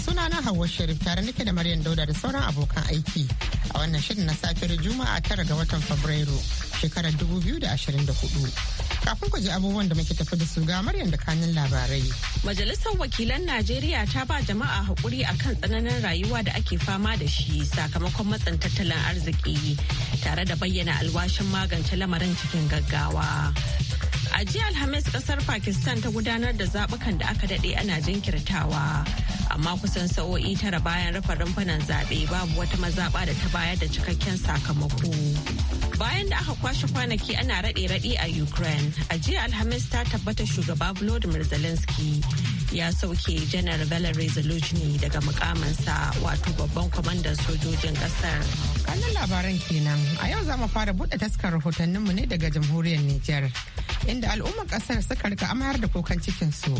Suna na Hauwa Sharif tare nake da Maryam Dauda da sauran abokan aiki a wannan shirin na safiyar Juma'a tara ga watan Fabrairu shekarar da ashirin 2024. kafin ku ji abubuwan da muke tafi da su ga Maryam da kanin labarai. Majalisar wakilan Najeriya ta ba jama'a haƙuri akan tsananin rayuwa da ake fama da shi sakamakon matsin tattalin arziki tare da bayyana alwashin magance lamarin cikin gaggawa. A jiya Alhamis kasar Pakistan ta gudanar da zabukan da aka dade ana jinkirtawa. amma kusan sa'o'i tara bayan rufe rumfunan zaɓe babu wata mazaɓa da ta bayar da cikakken sakamako. Bayan da aka kwashe kwanaki ana raɗe-raɗe a Ukraine, a jiya Alhamis ta tabbata shugaba Volodymyr Zelensky ya sauke janar Valery Zelensky daga mukamansa wato babban kwamandan sojojin ƙasar. Kallon labaran kenan a yau za mu fara buɗe taskar rahotanninmu ne daga jamhuriyar Nijar. Inda al'ummar ƙasar suka rika amayar da kukan cikinsu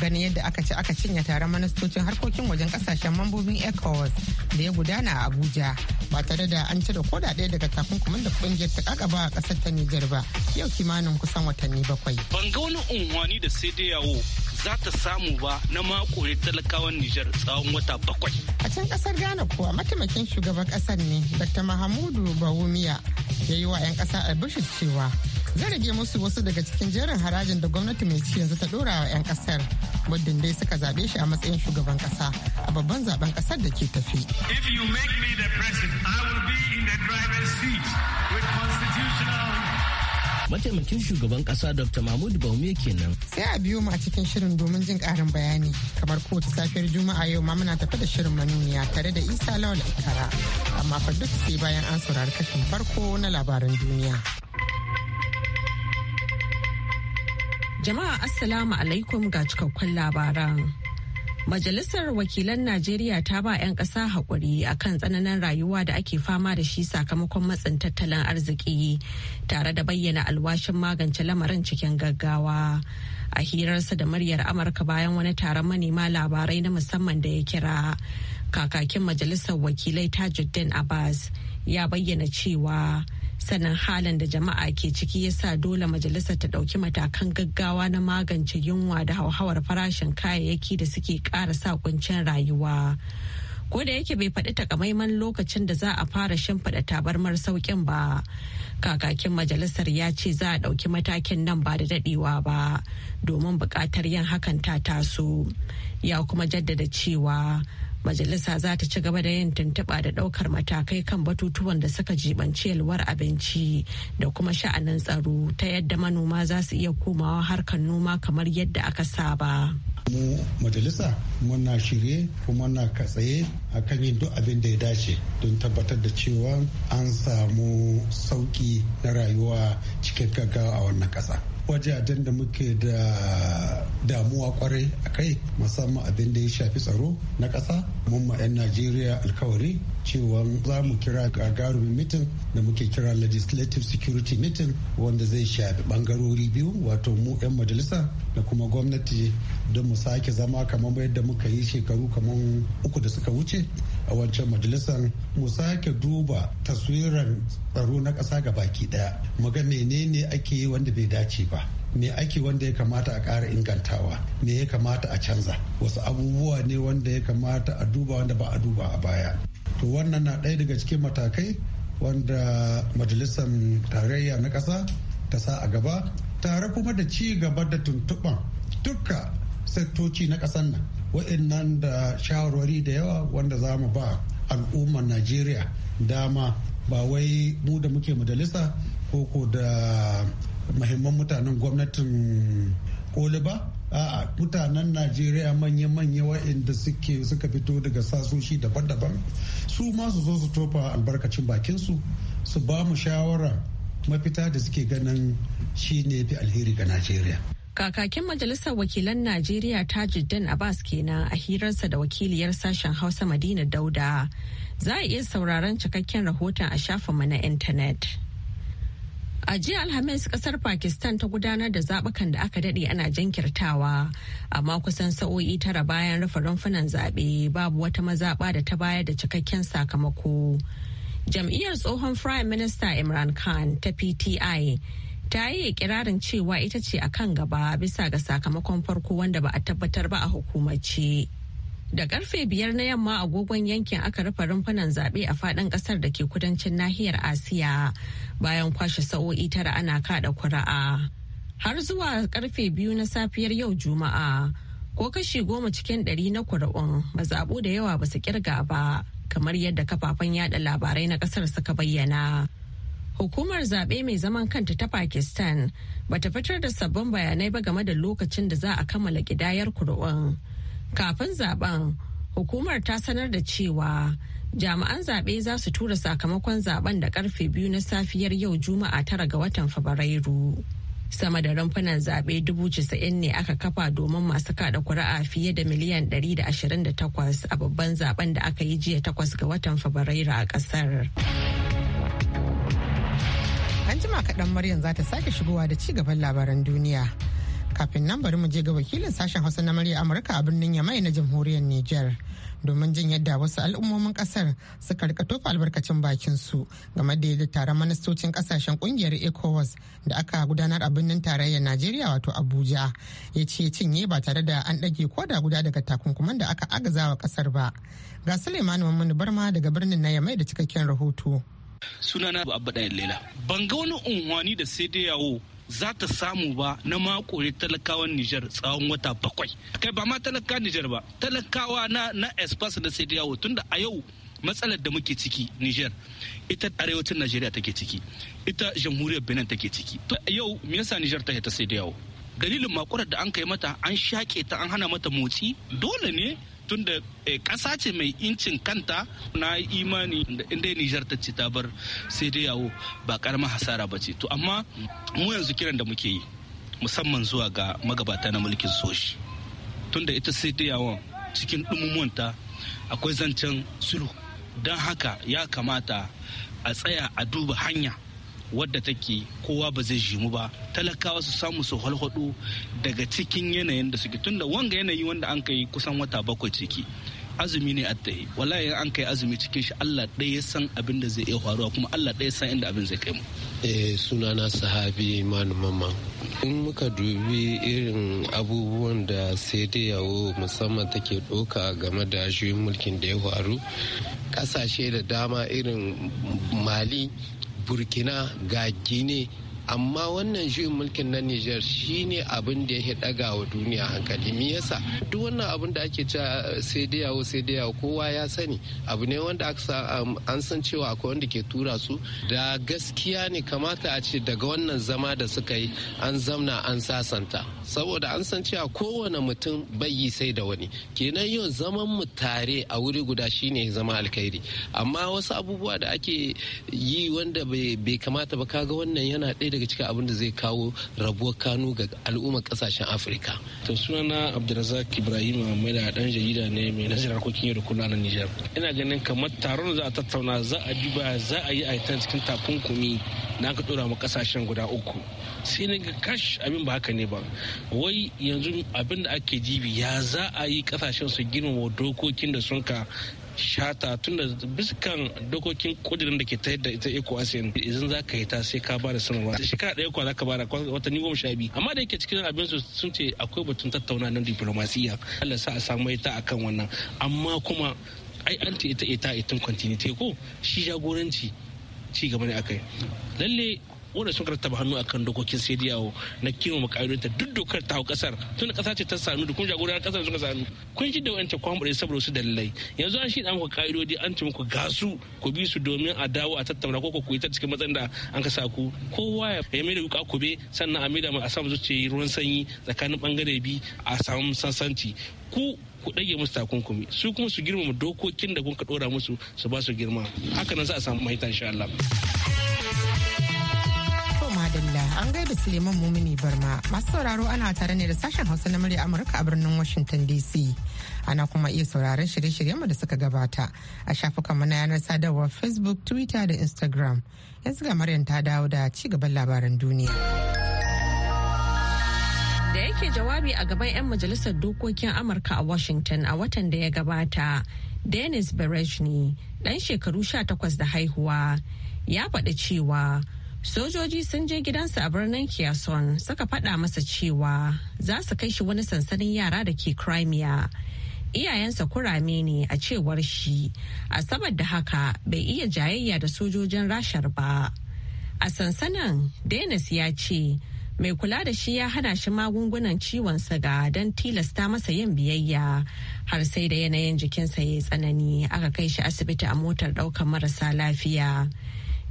ganin yadda aka ci aka cinye taron ministocin harkokin wajen kasashen mambobin ECOWAS da ya gudana a Abuja ba tare da an cire da ɗaya daga takunkumin da kungiyar ta kakaba a ƙasar ta Nijar ba yau kimanin kusan watanni bakwai. Ban ga wani unguwani da sai dai yawo za ta samu ba na mako ne talakawan Nijar tsawon wata bakwai. A can kasar Ghana kuwa mataimakin shugaban kasar ne Dr. Mahamudu Bawumia ya yi wa 'yan kasa albishir cewa zai rage musu wasu daga cikin jerin harajin da gwamnati mai ci yanzu ta dora wa 'yan kasar muddin dai suka zaɓe shi a matsayin shugaban kasa a babban zaben kasar da ke tafi. If you make me the president, I will be in the driver's seat with constitutional mataimakin shugaban kasa dr mahmud baume kenan sai a biyo mu a cikin shirin domin jin karin bayani kamar kowace safiyar juma'a yau ma muna tafi da shirin manuniya tare da isa lawal ikara amma fa duk sai bayan an saurari kashin farko na labaran duniya jama'a assalamu alaikum ga cikakkun labaran Majalisar Wakilan Najeriya ta ba 'yan ƙasa haƙuri a kan tsananin rayuwa da ake fama da shi sakamakon matsin tattalin arziki tare da bayyana alwashin magance lamarin cikin gaggawa. A hirarsa da muryar Amurka bayan wani taron manema labarai na musamman da ya kira kakakin Majalisar Wakilai Tajuddin Abbas ya bayyana cewa. sannan halin da jama'a ke ciki ya sa dole majalisar ta ɗauki matakan gaggawa na magance yunwa da hauhawar farashin kayayyaki da suke ƙara sa kuncin rayuwa ko da yake bai faɗi takamaiman lokacin da za a fara shimfiɗa tabarmar sauƙin ba kakakin majalisar ya ce za a ɗauki matakin nan ba da daɗewa ba domin buƙatar yin hakan ta taso ya kuma jaddada cewa majalisa za ta ci gaba da yin tuntuɓa da ɗaukar matakai kan batutuwan da suka jibanci yalwar abinci da kuma sha'anin tsaro ta yadda manoma za su iya komawa harkar noma kamar yadda aka saba. mu majalisa muna shirye kuma na katsaye a kan yin duk abin da ya dace don tabbatar da cewa an samu sauki na rayuwa cikin gaggawa a wannan ƙasa. wajajen da muke da damuwa kwarai a kai musamman abin da ya shafi tsaro na kasa. mun ma 'yan najeriya alkawari cewa za mu kira gagarumin mitin da muke kira legislative security meeting wanda zai shafi bangarori biyu wato mu 'yan majalisa da kuma gwamnati don mu sake zama kamar yadda muka yi shekaru kamar uku da suka wuce a wancan majalisar mu sake duba taswirar tsaro na ƙasa ga baki ɗaya mu ga menene ake yi wanda bai dace ba me ake wanda ya kamata a ƙara ingantawa me ya kamata a canza wasu abubuwa ne wanda ya kamata a duba wanda ba a duba a baya to wannan na ɗaya daga cikin matakai wanda majalisar tarayya na ƙasa ta sa a gaba tare kuma da ci gaba da tuntuɓan dukka sektoci na ƙasar nan waɗannan da shawarwari da yawa wanda za mu ba al'ummar najeriya dama ba wai mu da muke majalisa ko ko da mahimman mutanen gwamnatin koli ba a'a mutanen najeriya manya-manya waɗanda suke suka fito daga sasoshi daban-daban su ma su zo su tofa albarkacin bakinsu su ba mu shawara mafita da suke ganin shi ne fi alheri ga najeriya Kakakin Majalisar Wakilan Najeriya Tajuddin Abbas kenan a hirarsa da wakiliyar sashen Hausa Madina Dauda. Za a iya sauraron cikakken rahoton a shafinmu na intanet. A jiya Alhamis kasar Pakistan ta gudanar da zabukan da aka dade ana jinkirtawa, amma kusan sa'o'i tara bayan rufe rumfunan zaɓe babu wata mazaɓa da ta bayar da cikakken sakamako. Jam'iyyar tsohon Prime Minister Imran Khan ta PTI ta yi ikirarin cewa ita ce a kan gaba bisa ga sakamakon farko wanda ba a tabbatar ba a hukumace. Da karfe biyar na yamma agogon yankin aka rufe rumfunan zaɓe a faɗin ƙasar da ke kudancin nahiyar Asiya bayan kwashe sa'o'i tara ana kaɗa kura'a. Har zuwa karfe biyu na safiyar yau Juma'a ko kashi goma cikin ɗari na kuri'un mazaɓu da yawa ba su kirga ba kamar yadda kafafen yada labarai na ƙasar suka bayyana. Hukumar zaɓe mai zaman kanta ta Pakistan bata fitar da sabbin bayanai ba game da lokacin da za a kammala ƙidayar kuri'un. Kafin zaben, hukumar ta sanar da cewa jami'an zaɓe za su tura sakamakon zaben da karfe biyu na safiyar yau juma'a tara ga watan fabrairu sama da rumfunan zaɓe dubu casa'in ne aka kafa domin masu kaɗa kuri'a fiye da miliyan ɗari da da ashirin takwas a babban zaben da aka yi jiya takwas ga watan fabrairu a ƙasar. An jima kaɗan Maryam za ta sake shigowa da ci gaban labaran duniya. Kafin nan bari mu je ga wakilin sashen Hausa na Murya Amurka a birnin Yamai na jamhuriyar Nijar. Domin jin yadda wasu al'ummomin kasar suka rika tofa albarkacin bakin su game da yadda taron ministocin kasashen kungiyar ECOWAS da aka gudanar a birnin tarayyar Najeriya wato Abuja ya ce cinye ba tare da an ɗage ko da guda daga takunkuman da aka agaza wa kasar ba. Ga Suleiman Mamman Barma daga birnin na Yamai da cikakken rahoto. sunana abba ɗayan lela ban ga wani unhwani da sai dai yawo za ta samu ba na makore talakawan Nijar tsawon wata bakwai. Kai ba ma talaka Nijar ba, talakawa na na espas da sai yawo tunda a yau matsalar da muke ciki Nijar ita arewacin Najeriya take ciki, ita jamhuriyar Benin take ciki. To yau me yasa Nijar ta ta sai yawo? Dalilin makurar da an kai mata an shaƙe ta an hana mata motsi dole ne tunda kasa eh, ce mai incin kanta na imani inda Nijar ta ce ta bar sai dai yawo ba karamar hasara ba ce to amma mu yanzu kiran da muke yi musamman zuwa ga magabata na mulkin soshi tunda ita sai dai yawon cikin ɗumumwanta akwai zancen sulhu don haka ya kamata a tsaya a duba hanya wadda take kowa ba zai jimu ba talakawa su samu su halhadu daga cikin yanayin da suke tunda wanga yanayi wanda an kai kusan wata bakwai ciki azumi ne a tsaye wallahi an kai azumi cikin shi Allah ɗaya san abin da zai iya faruwa kuma Allah ɗaya san inda abin zai kai mu eh sunana sahabi manu mamman in muka dubi irin abubuwan da sai dai yawo musamman take doka game da shi mulkin da ya faru Kasashe da dama irin mali burkina ga gine amma wannan juyin mulkin na niger shine abin da ya daga wa duniya hankali me yasa duk wannan abin da ake cewa eh, sai da yawo sai da yawo kowa ya sani abu ne wanda an san cewa akwai wanda ke tura su da gaskiya ne kamata a ce daga wannan zama da suka yi an zamna an sasanta saboda an san cewa kowane mutum bai yi sai da wani kenan yau zaman mu tare a wuri guda shine zama alkhairi amma wasu abubuwa da ake yi wanda bai kamata ba kaga wannan yana ɗaya daga daga cikin abin da zai kawo rabuwar Kano ga al'ummar kasashen afirka to sunana abdulrazak ibrahim da dan jarida ne mai nazarin harkokin yau da kullum na nijar ina ganin kamar taron da za a tattauna za a duba za a yi aitan cikin takunkumi na aka dora ma kasashen guda uku sai na ga kash abin ba haka ne ba wai yanzu abin da ake jibi ya za a yi kasashen su girmama dokokin da sun ka shata tun da biskan dokokin kudirin da ke ta yadda ita eco asin idan za ka yi ta sai ka bada sanarwa shekara ɗaya kwa za ka bada ni goma sha biyu amma da yake cikin abin su sun ce akwai batun tattauna na diplomasiya Allah sa a samu ita akan wannan amma kuma ai an ta ita ita itin continuity ko shi jagoranci ci gaba ne akai lalle wanda sun rattaba hannu kan dokokin sediyawo na na kiwon ta duk dokar ta hau kasar tun kasa ce ta sanu da kuma jagorar kasar suka sanu kun ji da wancan kwamfure saboda su dalilai yanzu an shirya muku ka'idodi an ce muku gasu ku bi su domin a dawo a tattauna ko ku yi ta cikin matsayin da an kasa ku kowa ya mai da wuka kube sannan a mai da a samu zuciya ruwan sanyi tsakanin bangare bi a samu sansanci ku ku ɗage musu takunkumi su kuma su girmama dokokin da kun ka ɗora musu su ba su girma haka nan za a samu mahita insha Allah. An gaida Suleiman Mumini Barma masu sauraro ana tare ne da sashen Hausa na murya Amurka a birnin Washington DC. Ana kuma iya sauraron shirye mu da suka gabata a shafukan mana yanar sadarwar Facebook, Twitter da Instagram. Yanzu ga Maryam ta dawo da ci gaban labaran duniya. da yake jawabi a gaban 'yan majalisar dokokin amurka a washington a watan da ya gabata dennis berejni dan shekaru 18 da haihuwa ya faɗi cewa Sojoji sun je gidansa a birnin kiyason suka faɗa masa cewa za su kai shi wani sansanin yara da ke Crimea. Iyayensa kurame ne a cewar shi, a sabar da haka bai iya jayayya da sojojin rashar ba. A sansanin, Dennis ya ce, mai kula da shi ya hana shi magungunan ciwon siga don tilasta masa yin biyayya har sai da yanayin jikinsa ya yi tsanani aka kai shi asibiti a motar ɗaukar marasa lafiya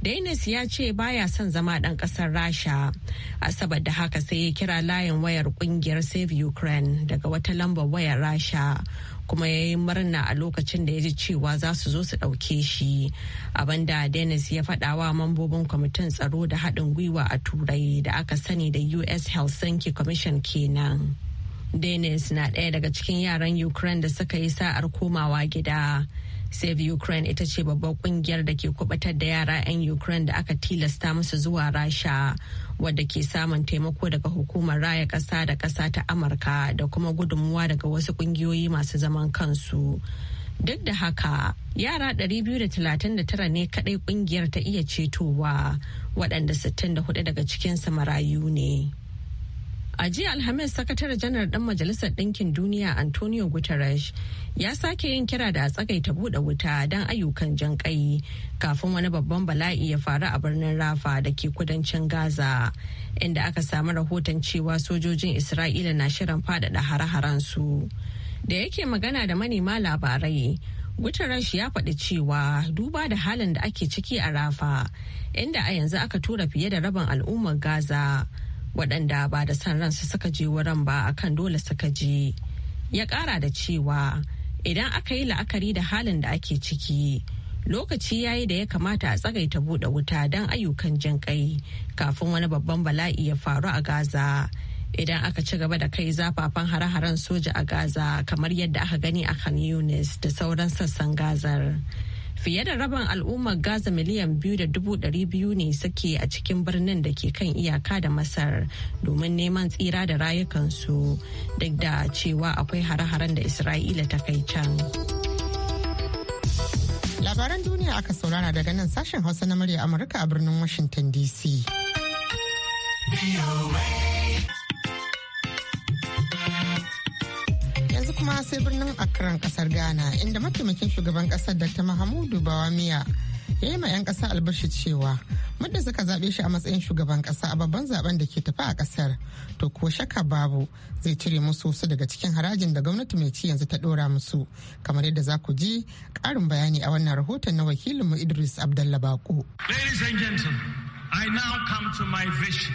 Dennis ya ce baya son zama ɗan ƙasar Rasha. Asabar da haka sai ya kira layin wayar ƙungiyar Save Ukraine daga wata lambar wayar Rasha. kuma ya yi murna a lokacin da ya ji cewa za su zo su ɗauke shi abinda dennis ya faɗa wa mambobin kwamitin tsaro da haɗin gwiwa a turai da aka sani da us helsinki commission kenan dennis na ɗaya daga cikin yaran ukraine da suka yi sa'ar komawa gida Save Ukraine ita ce babbar kungiyar da ke kubatar da yara 'yan Ukraine da aka tilasta musu zuwa Rasha wadda ke samun taimako daga hukumar raya ƙasa da ƙasa ta Amurka da kuma gudunmuwa daga wasu ƙungiyoyi masu zaman kansu. Duk da haka, yara 239 ne kaɗai ƙungiyar ta iya cetowa waɗanda 64 daga cikinsu marayu ne. A jiya Alhamis sakatare janar ɗan Majalisar Ɗinkin Duniya Antonio Guterres ya sake yin kira da a tsagaita buɗe wuta don ayyukan jan kafin wani babban bala'i ya faru a birnin Rafa da ke kudancin Gaza inda aka samu rahoton cewa sojojin Isra'ila na shirin faɗaɗa hare-haren su. Da yake magana da manema labarai, Guterres ya faɗi cewa duba da halin da ake ciki a Rafa inda a yanzu aka tura fiye da rabin al'ummar Gaza. waɗanda ba da san ransu suka je wurin ba akan dole suka je ya ƙara da cewa idan aka yi la'akari da halin da ake ciki lokaci ya yi da ya kamata a tsagaita buɗe wuta don ayyukan jin kai kafin wani babban bala'i ya faru a gaza idan aka ci gaba da kai zafafan hare-haren soja a gaza kamar yadda aka gani a kan yunis da sauran sassan gazar. Fiye da rabin al'ummar Gaza miliyan biyu da dubu ɗari biyu ne suke a cikin birnin da ke kan iyaka da Masar domin neman tsira da rayukansu duk da cewa akwai hare-haren da Isra'ila ta kai can. Labaran duniya aka saurara daga nan sashen Hausa na murya Amurka a birnin Washington DC. kuma sai birnin akran kasar Ghana inda mataimakin shugaban kasar Dr. Mahamudu Bawamiya ya yi ma 'yan kasa albashi cewa muda suka zaɓe shi a matsayin shugaban kasa a babban zaben da ke tafi a kasar to ko shaka babu zai cire musu su daga cikin harajin da gwamnati mai ci yanzu ta ɗora musu kamar yadda za ku ji ƙarin bayani a wannan rahoton na wakilinmu Idris abdalla Bako. I now come to my vision.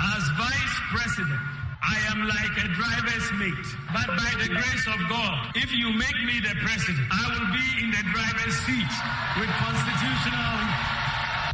As Vice President, I am like a driver's mate. But by the grace of God, if you make me the president, I will be in the driver's seat with constitutional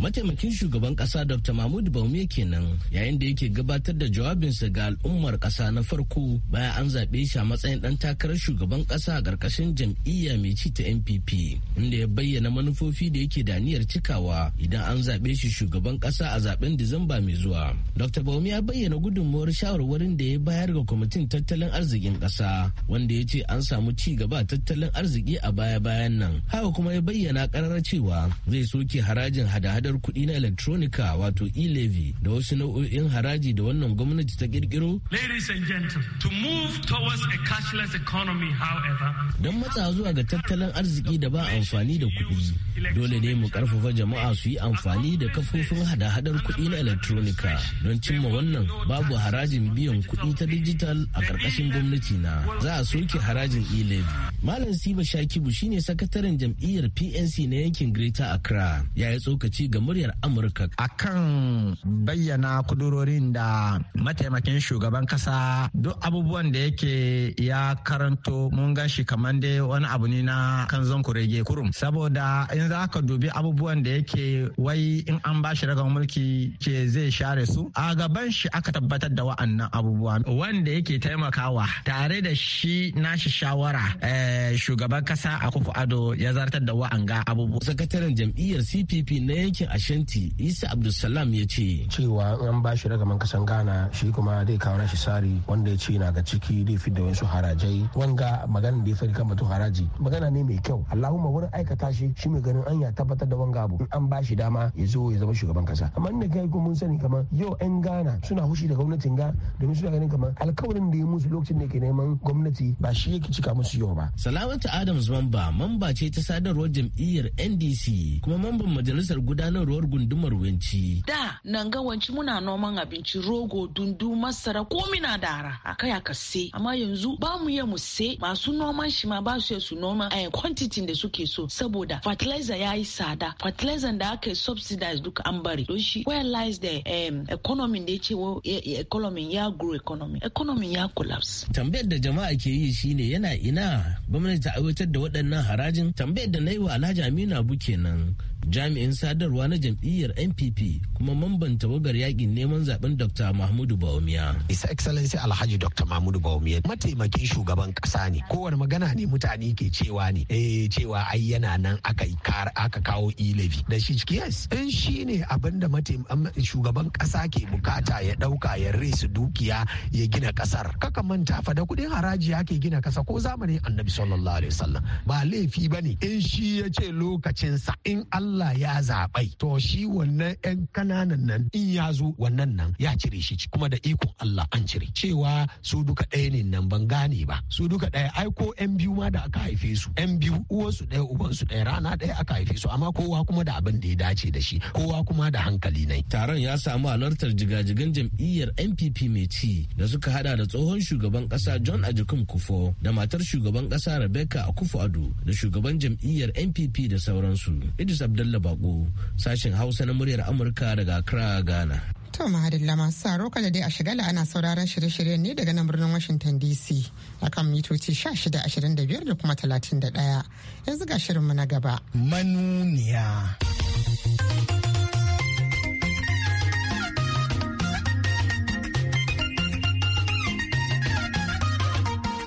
mataimakin shugaban kasa dr mahmud baume kenan yayin da yake gabatar da jawabinsa ga al'ummar kasa na farko bayan an zaɓe shi a matsayin ɗan takarar shugaban kasa a ƙarƙashin jam'iyya mai ci ta npp inda ya bayyana manufofi da yake da niyyar cikawa idan an zaɓe shi shugaban kasa a zaɓen disamba mai zuwa dr baume ya bayyana gudunmuwar shawarwarin da ya bayar ga kwamitin tattalin arzikin kasa wanda ya ce an samu ci gaba a tattalin arziki a baya-bayan nan haka kuma ya bayyana ƙararra cewa zai soke harajin hada-hada hada kuɗi na electronica wato e-levy da wasu nau'o'in haraji da wannan gwamnati ta kirkiro. Ladies and move towards a economy however. Don matsa zuwa ga tattalin arziki da ba amfani da kuɗi. dole ne mu karfafa jama'a su yi amfani da kafofin hada-hadar kuɗi na electronica don cimma wannan babu harajin biyan kuɗi ta digital a ƙarƙashin gwamnati na za a soke harajin e malam siba shakibu shine sakataren jam'iyyar pnc na yankin greater accra ya yi tsokaci ga muryar amurka akan bayyana kudurorin da mataimakin shugaban kasa duk abubuwan da yake ya karanto mun gashi kamar dai wani abu ne na kanzon kurege kurum saboda in za ka dubi abubuwan da yake wai in an ba shi ragar mulki ke zai share su a gaban shi aka tabbatar da wa'annan abubuwa wanda yake taimakawa tare da shi nashi shawara eh, shugaban kasa a kufu ado ya zartar da wa'anga abubuwa sakataren jam'iyyar cpp na yankin ashanti isa abdulsalam ya ce cewa an ba shi ragaman kasan ghana shi kuma zai kawo nashi sari wanda ya ce na ga ciki zai fi da wasu harajai wanga magana da ya fari kan batun haraji magana ne mai kyau allahumma wurin aikata shi shi mai ganin domin an ya tabbatar da wanga abu an ba shi dama ya zo ya zama shugaban kasa amma inda kai ko mun sani kamar yau yan Ghana suna hushi da gwamnatin ga domin suna ganin kamar alkawarin da ya musu lokacin da ke neman gwamnati ba shi yake cika musu yau ba Salamatu Adams Mamba mamba ce ta sadarwar jam'iyyar NDC kuma mamban majalisar gudanarwar gundumar Wenci da nan ga Wenci muna noman abinci rogo dundu masara ko mina da a kai aka se amma yanzu ba mu ya mu se masu noman shi ma ba su su noma a eh, quantity da suke so saboda fertilizer fertilizer ya yi tsada fertilizer da aka subsidize duka an bari don shi the da um, economy da ya ce economy ya grow economy economy ya collapse tambayar da jama'a ke yi shine yana ina gwamnati ta aiwatar da waɗannan harajin tambayar da na yi wa alhaji amina abu kenan jami'in sadarwa na jam'iyyar npp kuma mamban tawagar yakin neman zaben dr mahmudu bawumiya his excellency alhaji dr mahmudu bawumiya mataimakin shugaban kasa ne kowane magana ne mutane ke cewa ne eh cewa ai yana nan aka aka kawo ilabi da shi ciki yes in shi ne abin da shugaban kasa ke bukata ya dauka ya resu dukiya ya gina kasar kaka manta fa da kudin haraji ake gina kasa ko zamanin annabi sallallahu alaihi wasallam ba laifi bane in shi ya ce lokacinsa in Allah Allah ya zaɓai to shi wannan 'yan kananan nan in ya zo wannan nan ya cire shi kuma da ikon Allah an cire cewa su duka ɗaya ne nan ban gane ba su duka ɗaya ai ko 'yan biyu ma da aka haife su 'yan biyu uwansu ɗaya ubansu ɗaya rana ɗaya aka haife su amma kowa kuma da abin da ya dace da shi kowa kuma da hankali nai. Taron ya samu halartar jigajigan jam'iyyar NPP mai ci da suka hada da tsohon shugaban kasa John Ajikun Kufo da matar shugaban kasa Rebecca Akufo-Addo da shugaban jam'iyyar NPP da sauransu. Idris Abdul Abdalla Bako sashen Hausa na muryar Amurka daga Accra Ghana. To mahadalla masu saro kala dai a shiga ana sauraron shirye-shiryen ne daga nan birnin Washington DC akan mitoci sha shida 1625 da kuma 31 yanzu ga shirinmu na gaba. Manuniya.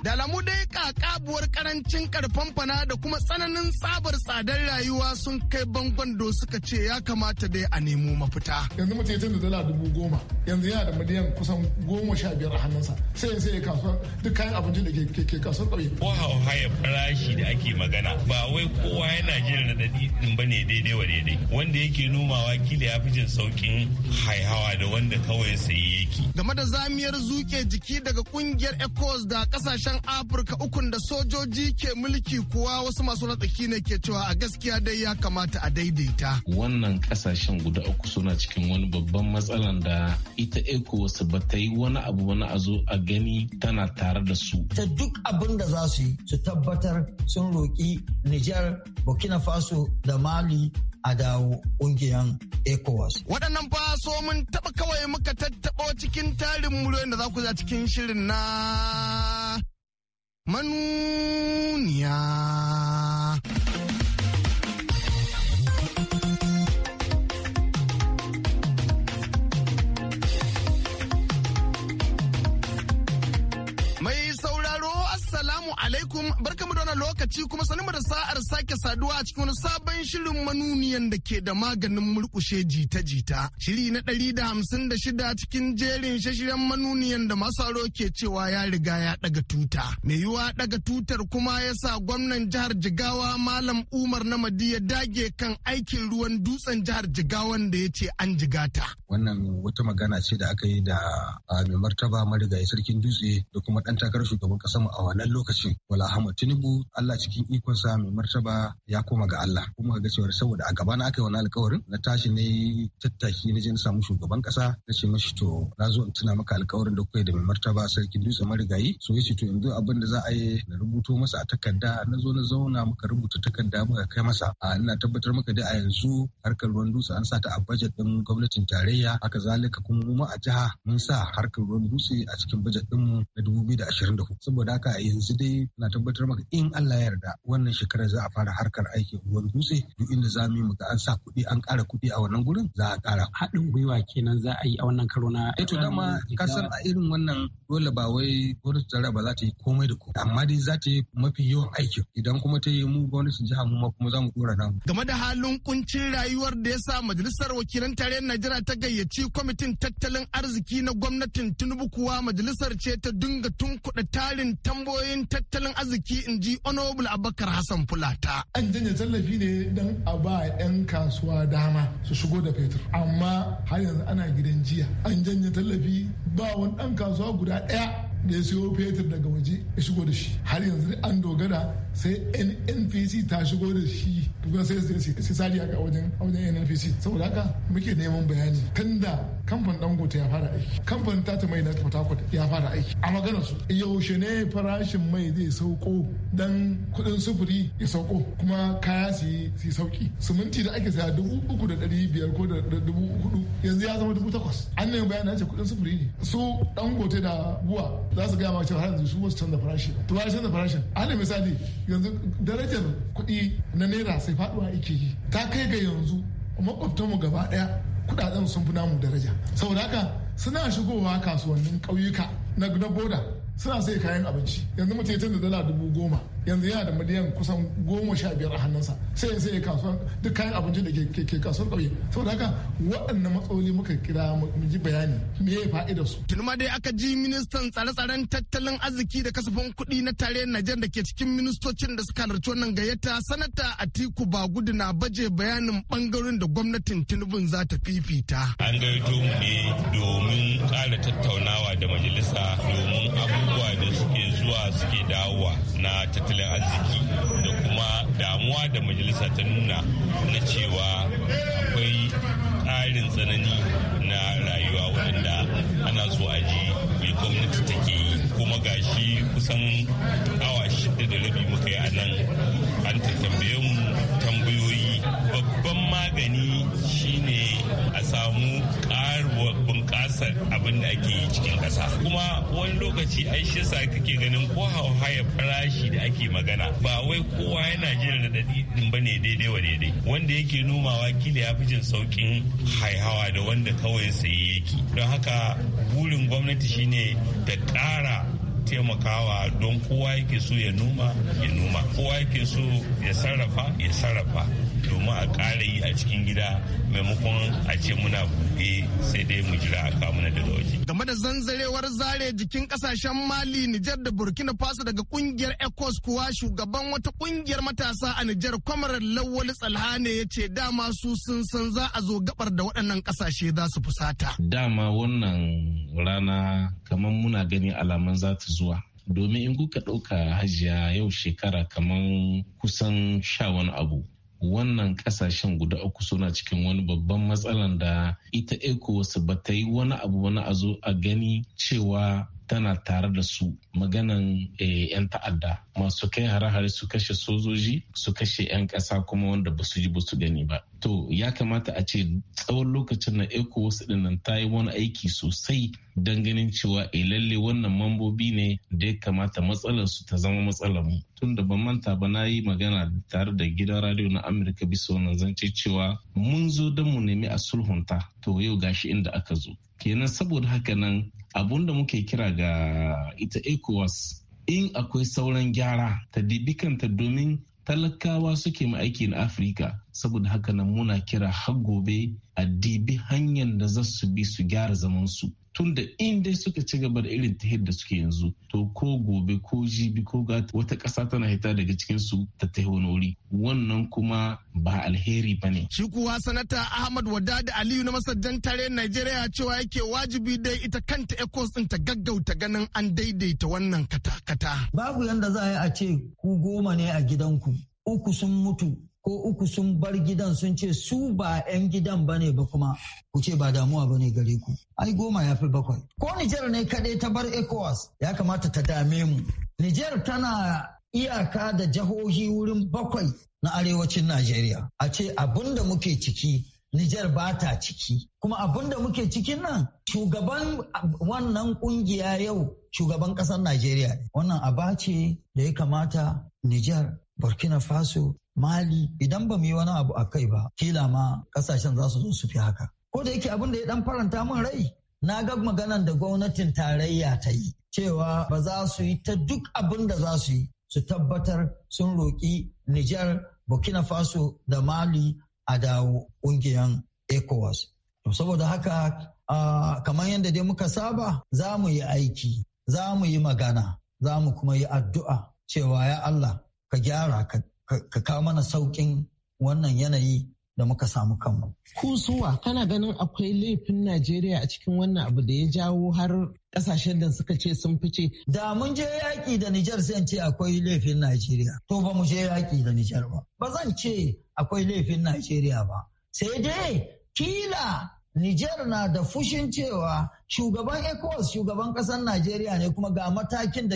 Da alamu dai kakabuwar karancin karfan fana da kuma tsananin tsabar tsadar rayuwa sun kai bangon do suka ce ya kamata dai a nemo mafita. Yanzu mutum ya da dala dubu goma yanzu yana da miliyan kusan goma sha biyar a hannunsa sai ya sai kasuwa duk kayan abinci da ke kasuwar ƙauye. Ko haya farashi da ake magana ba wai kowa yana jin raɗaɗi ba ne daidai wa daidai wanda yake nomawa kila ya fi jin sauƙin haihawa da wanda kawai sayi yake. Game da zamiyar zuke jiki daga ƙungiyar ECOWAS da ƙasashen kasashen afirka ukun da sojoji ke mulki kuwa wasu masu ratsaki ne ke cewa a gaskiya dai ya kamata a daidaita wannan kasashen guda uku suna cikin wani babban matsalan da ita wasu ba ta yi wani abu wani a zo a gani tana tare da su ta duk abin da za su yi su tabbatar sun roƙi niger burkina faso da mali a dawo ƙungiyar ECOWAS. Waɗannan fa so mun taɓa kawai muka tattaɓo cikin tarin muryoyin da za ku za cikin shirin na manuniya Assalamu alaikum barkamu da wannan lokaci kuma sanin da sa'ar sake saduwa a cikin wani sabon shirin manuniyan da ke da maganin murkushe jita-jita. Shiri na ɗari da hamsin da shida cikin jerin shashiren manuniyan da masu aro ke cewa ya riga ya ɗaga tuta. Mai yiwuwa ɗaga tutar kuma ya sa gwamnan jihar Jigawa Malam Umar Namadi ya dage kan aikin ruwan dutsen jihar Jigawan da ya ce an jigata. Wannan wata magana ce da aka yi da ah, mai martaba marigayi sarkin dutse da kuma ɗan takarar shugaban ƙasarmu a wannan lokaci. shin wala Ahmad Tinubu Allah cikin ikonsa mai martaba ya koma ga Allah kuma ga cewar saboda a gaba na aka yi wani alkawarin na tashi ne tattaki na je na samu shugaban kasa na ce mashi to na zo in tuna maka alkawarin da kuka da mai martaba sarkin dutse marigayi so ce to yanzu abin da za a yi na rubuto masa a takarda na zo na zauna muka rubuta takarda muka kai masa a ina tabbatar maka da a yanzu harkar ruwan dutse an sa ta a budget din gwamnatin tarayya haka zalika kuma mu a jiha mun sa harkar ruwan dutse a cikin budget din mu na 2024 saboda haka yanzu dai na tabbatar maka in Allah ya yarda wannan shekarar za a fara harkar aikin ruwan dutse duk inda za mu yi muka an sa kuɗi an ƙara kuɗi a wannan gurin za a ƙara. Haɗin gwiwa kenan za a yi a wannan karo na. Eh to dama ka san a irin wannan dole ba wai gwamnati tarayya ba za ta yi komai da komai amma dai za ta yi mafi yawan aikin idan kuma ta yi mu gwamnati jiha mu ma kuma za mu ɗora namu. Game da halin kuncin rayuwar da ya sa majalisar wakilan tarayyar Najeriya ta gayyaci kwamitin tattalin arziki na gwamnatin Tinubu kuwa majalisar ce ta dinga kuɗa tarin tambayoyin tattalin tattalin arziki in ji honorable abubakar hassan fulata an janye tallafi ne don a ba 'yan kasuwa dama su shigo da fetur amma har yanzu ana gidan jiya an janye tallafi ba wani dan kasuwa guda ɗaya. da ya siyo fetur daga waje ya shigo da shi har yanzu an dogara sai nnpc ta shigo da shi duka sai sai sai ga wajen wajen nnpc saboda haka muke neman bayani tunda kamfan dangote ya fara aiki kamfan tata mai na port harcourt ya fara aiki a maganar su yaushe ne farashin mai zai sauko dan kudin sufuri ya sauko kuma kaya su yi sauki siminti da ake saya dubu uku da dari biyar ko da dubu hudu yanzu ya zama dubu takwas an ne bayan na ce kudin sufuri ne su dangote da buwa za su gaya ma cewa har yanzu su wasu canza farashi ba to canza farashin ana misali yanzu darajar kuɗi na naira sai faɗuwa ake yi ta kai ga yanzu mu gaba ɗaya kuɗaɗen sun fi namu daraja saboda haka suna shigowa kasuwannin ƙauyuka na boda suna sai kayan abinci yanzu mutum ya canza dala dubu goma yanzu yana da miliyan kusan goma sha biyar a hannunsa sai ya sai kasuwa duk kayan abinci da ke kasuwar kauye saboda haka waɗannan matsaloli muka kira mu ji bayani me ya fa'ida su. tuni ma dai aka ji ministan tsare-tsaren tattalin arziki da kasafin kuɗi na tarayyar Najeriya da ke cikin ministocin da suka halarci wannan gayyata sanata Atiku Bagudu na baje bayanin bangaren da gwamnatin Tinubun za ta fifita. An gaito mu ne domin ƙara tattaunawa da majalisa domin abu abubuwa da suke zuwa suke dawowa na tattalin arziki da kuma damuwa da majalisa ta nuna na cewa akwai tsarin tsanani na rayuwa waɗanda ana so a ji mai gwamnati take yi kuma gashi kusan awa shida da rabi muka yi a nan an tambaye mu tambayoyi babban magani shine samu karuwar bunƙasar abin da ake yi cikin ƙasa kuma wani lokaci ai shi sa kake ganin ko hauhaya farashi da ake magana ba wai kowa yana jin raɗaɗi din bane daidai wa daidai wanda yake nomawa kila ya fi jin sauƙin haihawa da wanda kawai saye yake don haka burin gwamnati shine ta ƙara taimakawa don kowa yake so ya noma ya noma kowa yake so ya sarrafa ya sarrafa domin a ƙara yi a cikin gida maimakon a ce muna buɗe sai dai mu jira a kamuna daga waje. Game da zanzarewar zare jikin ƙasashen Mali, Nijar da Burkina Faso daga ƙungiyar ecos kuwa shugaban wata ƙungiyar matasa a Nijar kwamarar lawali Tsalha ne ya ce dama su sun san za a zo gabar da waɗannan ƙasashe za su fusata. Dama wannan rana kamar muna gani alaman za ta zuwa. domin in kuka ɗauka hajiya yau shekara kamar kusan sha wani abu wannan kasashen guda uku suna cikin wani babban matsalan da ita ecowas ba ta yi wani abu wani a zo a gani cewa tana tare da su maganan eh, 'yan ta'adda masu kai hare-hare su kashe sojoji su kashe 'yan ƙasa kuma wanda ba su ji ba su gani ba to ya kamata a ce tsawon lokacin na wasu dinnan ta yi wani aiki sosai don ganin cewa e lalle wannan mambobi ne da ya kamata matsalar su ta zama matsalar mu tun da ban manta ba na yi magana tare da gidan radio na amurka bisa wannan zance cewa mun zo don mu nemi a sulhunta to yau gashi inda aka zo kenan saboda haka nan abun da muke kira ga ita ecowas in akwai sauran gyara ta dibi domin talakawa suke aiki na afirka saboda haka nan muna kira har gobe a dibi hanyar da za su bi su gyara zamansu tun da inda suka ci gaba da irin ta da suke yanzu to ko gobe ko jibi ko gata wata ƙasa tana hita daga cikin su ta ta wannan kuma ba alheri ba ne. Shi kuwa sanata Ahmad Wada Aliyu na masaddan tare Najeriya cewa yake wajibi dai ita kanta Ecos ɗin ta gaggauta ganin an daidaita wannan katakata. Babu yanda za a yi a ce ku goma ne a gidanku, uku sun mutu ko uku sun bar gidan sun ce su ba 'yan gidan ba ne ba kuma ku ce ba damuwa ba ne gare ku ai goma ya fi bakwai ko Nijar ne kaɗai ta bar ECOWAS ya kamata ta dame mu Nijar tana iyaka da jihohi wurin bakwai na arewacin Najeriya a ce abin da muke ciki Nijar ba ta ciki. Kuma abin da muke cikin nan shugaban wannan kungiya yau shugaban ƙasar Najeriya Wannan aba ce da ya kamata Nijar, Burkina Faso, mali idan ba mu yi wani abu a kai ba kila ma kasashen za su zo su fi haka ko da yake abin da ya dan faranta min rai na ga maganan da gwamnatin tarayya ta yi cewa ba za su yi ta duk abin da za su yi su tabbatar sun roƙi Nijar, Burkina Faso da Mali a dawo ƙungiyar ECOWAS. Saboda haka kamar yadda dai muka saba za mu yi aiki, za mu yi magana, za mu kuma yi addu'a cewa ya Allah ka gyara ka ka kawo mana saukin wannan yanayi da muka samu kanmu. Kusuwa kana ganin akwai laifin Najeriya a cikin wannan abu da ya jawo har kasashen da suka ce sun fice. Da mun je yaƙi da Nijar zan ce akwai laifin Najeriya. To ba mu je yaƙi da Nijar ba. Ba zan ce akwai laifin Najeriya ba. Sai dai kila Nijar na da fushin cewa shugaban ECOWAS shugaban ƙasar Najeriya ne kuma ga matakin da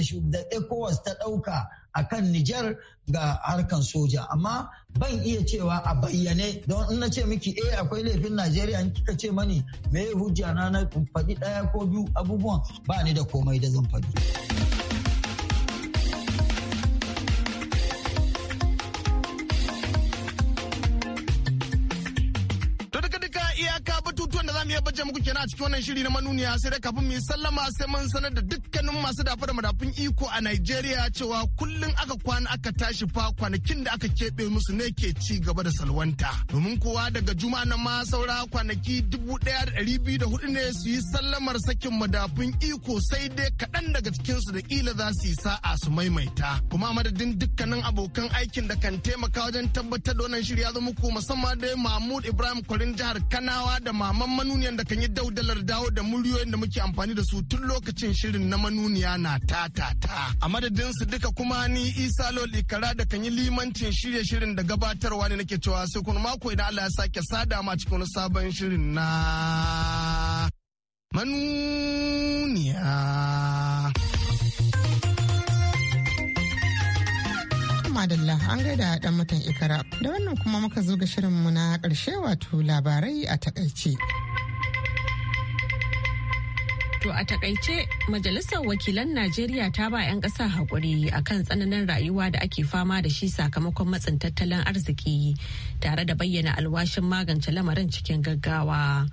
ECOWAS ta ɗauka a kan Nijar ga harkan soja. Amma ban iya cewa a bayyane don in na ce miki eh akwai laifin Najeriya in kika ce mani me hujja na na faɗi ɗaya ko biyu abubuwan ba ni da komai da zan faɗi. iya baje muku kenan a cikin wannan shiri na manuniya sai dai kafin mu yi sallama sai mun sanar da dukkanin masu dafa da madafun iko a Najeriya cewa kullun aka kwana aka tashi fa kwanakin da aka kebe musu ne ke ci gaba da salwanta. Domin kowa daga juma'a na ma saura kwanaki dubu daya da dari biyu da hudu ne su yi sallamar sakin madafun iko sai dai kaɗan daga cikinsu da ila za su yi sa'a su maimaita. Kuma madadin dukkanin abokan aikin da kan taimaka wajen tabbatar da wannan shiri ya zo muku musamman dai Mahmud Ibrahim Kwarin jihar Kanawa da Maman Manuniya hanyar da kan yi daudalar dawo da muryoyin da muke amfani da su tun lokacin shirin na manuniya na ta ta ta a madadin su duka kuma ni isa loli kara da kan yi limancin shirye shirin da gabatarwa ne nake cewa sai kuma mako idan allah ya sake sada ma cikin wani sabon shirin na manuniya madalla an gaida dan mutan ikara da wannan kuma muka zo ga shirinmu na karshe wato labarai a takaice. To a takaice Majalisar Wakilan Najeriya ta ba 'yan ƙasa haƙuri kan tsananin rayuwa da ake fama da shi sakamakon matsin tattalin arziki tare da bayyana alwashin magance lamarin cikin gaggawa.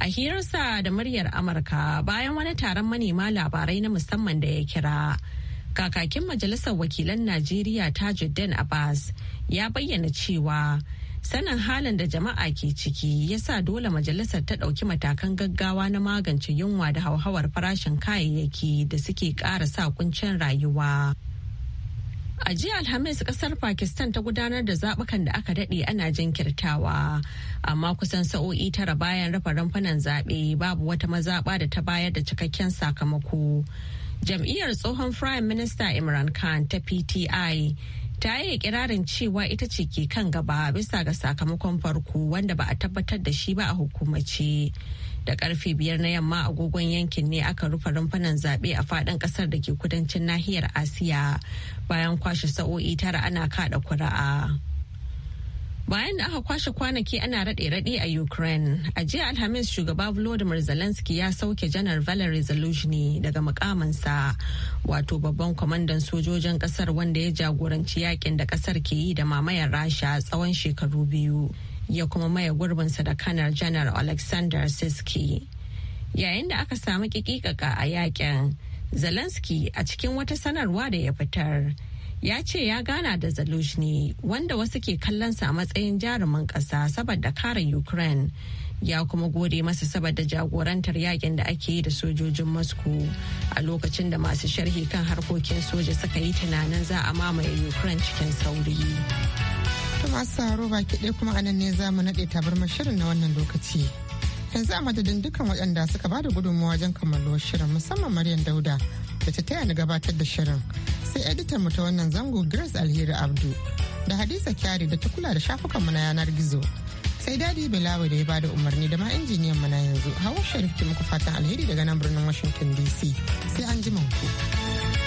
A hirarsa da muryar Amurka bayan wani taron manema labarai na musamman da ya kira. Kakakin Majalisar Wakilan Najeriya Tajuddin Abbas ya bayyana cewa sanin halin da jama'a ke ciki ya sa dole majalisar ta ɗauki matakan gaggawa na magance yunwa da hauhawar farashin kayayyaki da suke ƙara sa kuncin rayuwa. A jiya Alhamis ƙasar Pakistan ta gudanar da zabukan da aka daɗe ana jinkirtawa, amma kusan sa'o'i tara bayan rafa rumfunan zaɓe babu wata mazaɓa da ta bayar da cikakken sakamako. Jam'iyyar tsohon Prime Minister Imran Khan ta PTI ta yi kirarin cewa ita ce ke kan gaba bisa ga sakamakon farko wanda ba a tabbatar da shi ba a hukumace da karfe biyar na yamma agogon yankin ne aka rufe rumfunan zaɓe a faɗin ƙasar da ke kudancin nahiyar asiya bayan kwashe sa'o'i tara ana kaɗa kuri'a. Bayan da aka kwashe kwanaki ana raɗe-raɗe a Ukraine, a jiya Alhamis shugaba Volodymyr Zelensky ya sauke janar Valery Zelensky daga mukamansa wato babban kwamandan sojojin ƙasar wanda ya jagoranci yakin da ƙasar ke yi da mamayar Rasha tsawon shekaru biyu, ya kuma maye gurbinsa da kanar janar Alexander Siski. Yayin da aka samu kikikaka a yakin, Zelensky a cikin wata sanarwa da ya fitar. ya ce ya gana da zalushni wanda wasu ke kallonsa a matsayin jaruman ƙasa saboda karin Ukraine. Ya kuma gode masa saboda jagorantar yakin da ake yi da sojojin Moscow a lokacin da masu sharhi kan harkokin soja suka yi tunanin za a mamaye Ukraine cikin sauri. masu haro baki ɗaya kuma anan ne za mu naɗe tabar shirin na wannan lokaci. yanzu a madadin dukkan waɗanda suka bada gudunmawa jan kamalo shirin musamman Maryam Dauda da ta taya ni gabatar da shirin. sai editan mu ta wannan zango Grace Alheri Abdu da Hadiza Kyari da ta kula da shafukan na yanar gizo. Sai Dadi Bilawa da ya bada umarni da ma injiniyan mu na yanzu. Hawa Sharif ki muku fatan alheri daga nan birnin Washington DC. Sai an ji ku.